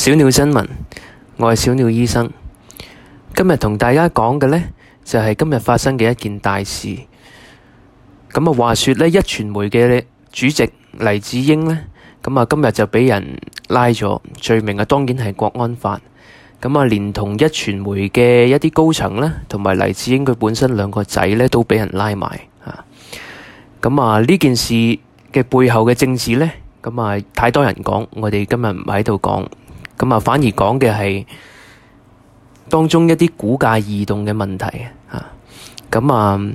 小鳥新聞，我係小鳥醫生。今日同大家講嘅呢，就係今日發生嘅一件大事。咁啊，話說呢，一傳媒嘅主席黎智英呢，咁啊，今日就畀人拉咗罪名啊，當然係國安法。咁啊，連同一傳媒嘅一啲高層呢，同埋黎智英佢本身兩個仔呢，都畀人拉埋啊。咁啊，呢件事嘅背後嘅政治呢，咁啊，太多人講，我哋今日唔喺度講。咁啊，反而講嘅係當中一啲股價異動嘅問題啊。咁啊，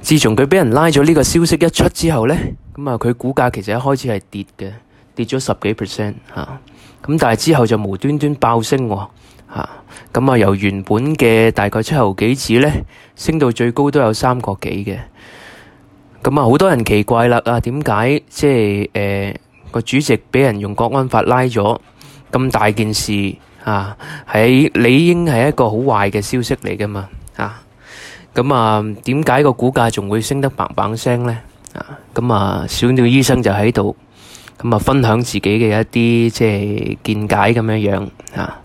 自從佢畀人拉咗呢個消息一出之後咧，咁啊，佢股價其實一開始係跌嘅，跌咗十幾 percent 吓。咁、啊、但係之後就無端端爆升吓。咁啊、啊、啊，由原本嘅大概七毫幾子咧，升到最高都有三個幾嘅。咁啊，好多人奇怪啦，啊，點解即係誒個主席畀人用國安法拉咗？咁大件事啊，喺理應係一個好壞嘅消息嚟噶嘛啊，咁啊，點解個股價仲會升得棒棒聲呢？啊，咁啊，小鳥醫生就喺度，咁啊，分享自己嘅一啲即係見解咁樣樣啊。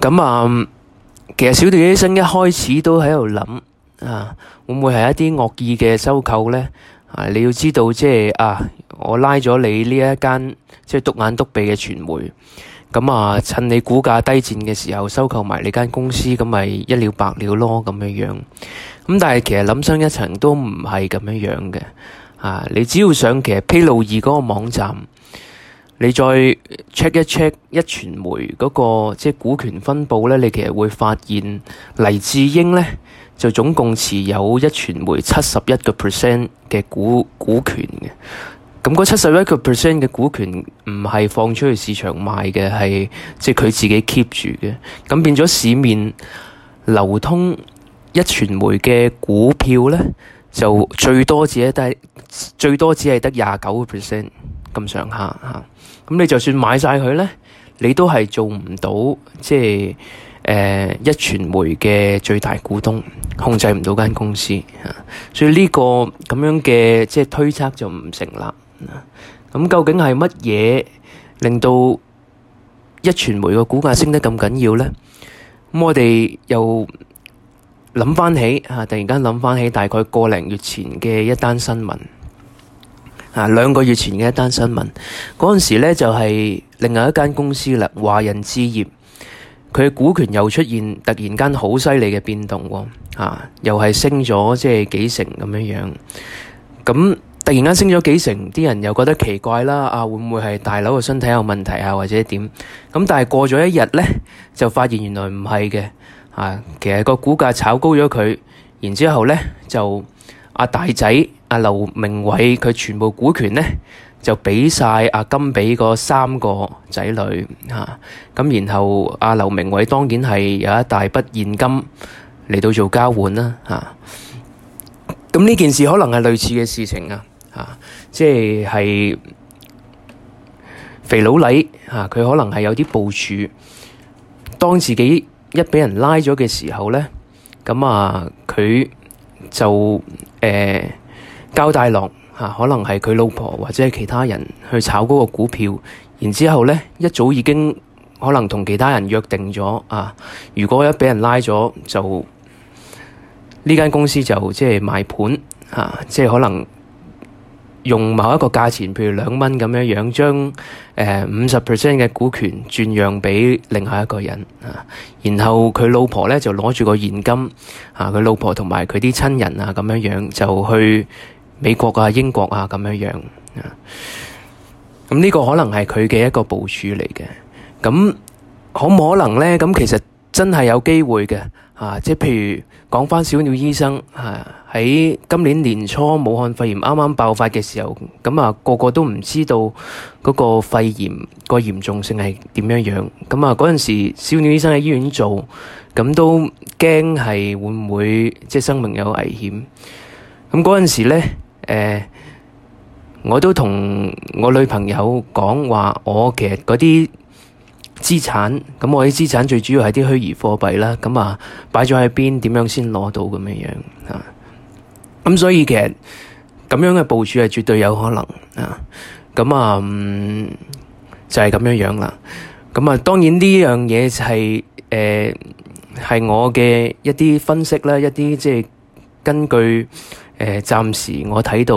咁啊，其實小鳥醫生一開始都喺度諗啊，會唔會係一啲惡意嘅收購呢？啊！你要知道，即係啊，我拉咗你呢一間即係篤眼篤鼻嘅傳媒，咁啊，趁你股價低賤嘅時候收購埋你間公司，咁咪一了百了咯咁樣樣。咁但係其實諗深一層都唔係咁樣樣嘅。啊，你只要上其實披露二披露易嗰個網站。你再 check 一 check 一傳媒嗰個即係股權分佈咧，你其實會發現黎智英咧，就總共持有一傳媒七十一個 percent 嘅股股權嘅。咁嗰七十一個 percent 嘅股權唔係放出去市場賣嘅，係即係佢自己 keep 住嘅。咁變咗市面流通一傳媒嘅股票咧，就最多只係得最多只係得廿九個 percent。咁上下吓，咁你就算買晒佢咧，你都係做唔到，即係誒一傳媒嘅最大股東，控制唔到間公司吓，所以呢個咁樣嘅即係推測就唔成立。咁究竟係乜嘢令到一傳媒個股價升得咁緊要咧？咁我哋又諗翻起吓，突然間諗翻起大概個零月前嘅一單新聞。啊，兩個月前嘅一單新聞，嗰陣時咧就係另外一間公司啦，華潤置業，佢嘅股權又出現突然間好犀利嘅變動喎，啊，又係升咗即係幾成咁樣樣，咁突然間升咗幾成，啲人又覺得奇怪啦，啊，會唔會係大佬嘅身體有問題啊，或者點？咁但係過咗一日咧，就發現原來唔係嘅，啊，其實個股價炒高咗佢，然之後咧就。阿大仔阿劉明偉佢全部股權呢，就畀晒阿金畀個三個仔女吓，咁、啊，然後阿劉明偉當然係有一大筆現金嚟到做交換啦吓。咁、啊、呢件事可能係類似嘅事情啊吓，即係肥佬黎吓，佢、啊、可能係有啲部署，當自己一畀人拉咗嘅時候呢，咁啊佢就。誒，交大郎吓，可能係佢老婆或者係其他人去炒嗰個股票，然之後咧一早已經可能同其他人約定咗啊，如果一畀人拉咗就呢間公司就即係賣盤啊，即係可能。用某一個價錢，譬如兩蚊咁樣樣，將誒五十 percent 嘅股權轉讓畀另外一個人啊，然後佢老婆咧就攞住個現金啊，佢老婆同埋佢啲親人啊咁樣樣就去美國啊、英國啊咁樣樣啊，咁、這、呢個可能係佢嘅一個部署嚟嘅，咁、啊、可唔可能咧？咁、啊、其實真係有機會嘅啊，即係譬如。講翻小鳥醫生嚇，喺今年年初武漢肺炎啱啱爆發嘅時候，咁啊個個都唔知道嗰個肺炎個嚴重性係點樣樣。咁啊嗰陣時，小鳥醫生喺醫院做，咁都驚係會唔會即係生命有危險。咁嗰陣時咧，誒、呃、我都同我女朋友講話，我其實嗰啲資產咁我啲資產最主要係啲虛擬貨幣啦，咁啊擺咗喺邊，點樣先攞到咁樣樣啊？咁所以其實咁樣嘅部署係絕對有可能啊！咁、嗯、啊，就係咁樣樣啦。咁啊，當然呢樣嘢係誒係我嘅一啲分析啦，一啲即係根據。誒，暫時我睇到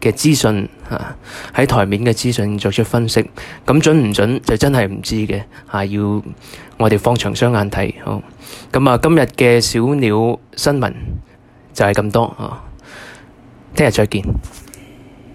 嘅資訊吓，喺台面嘅資訊作出分析，咁準唔準就真係唔知嘅吓，要我哋放長雙眼睇。好，咁啊，今日嘅小鳥新聞就係咁多啊，聽日再見。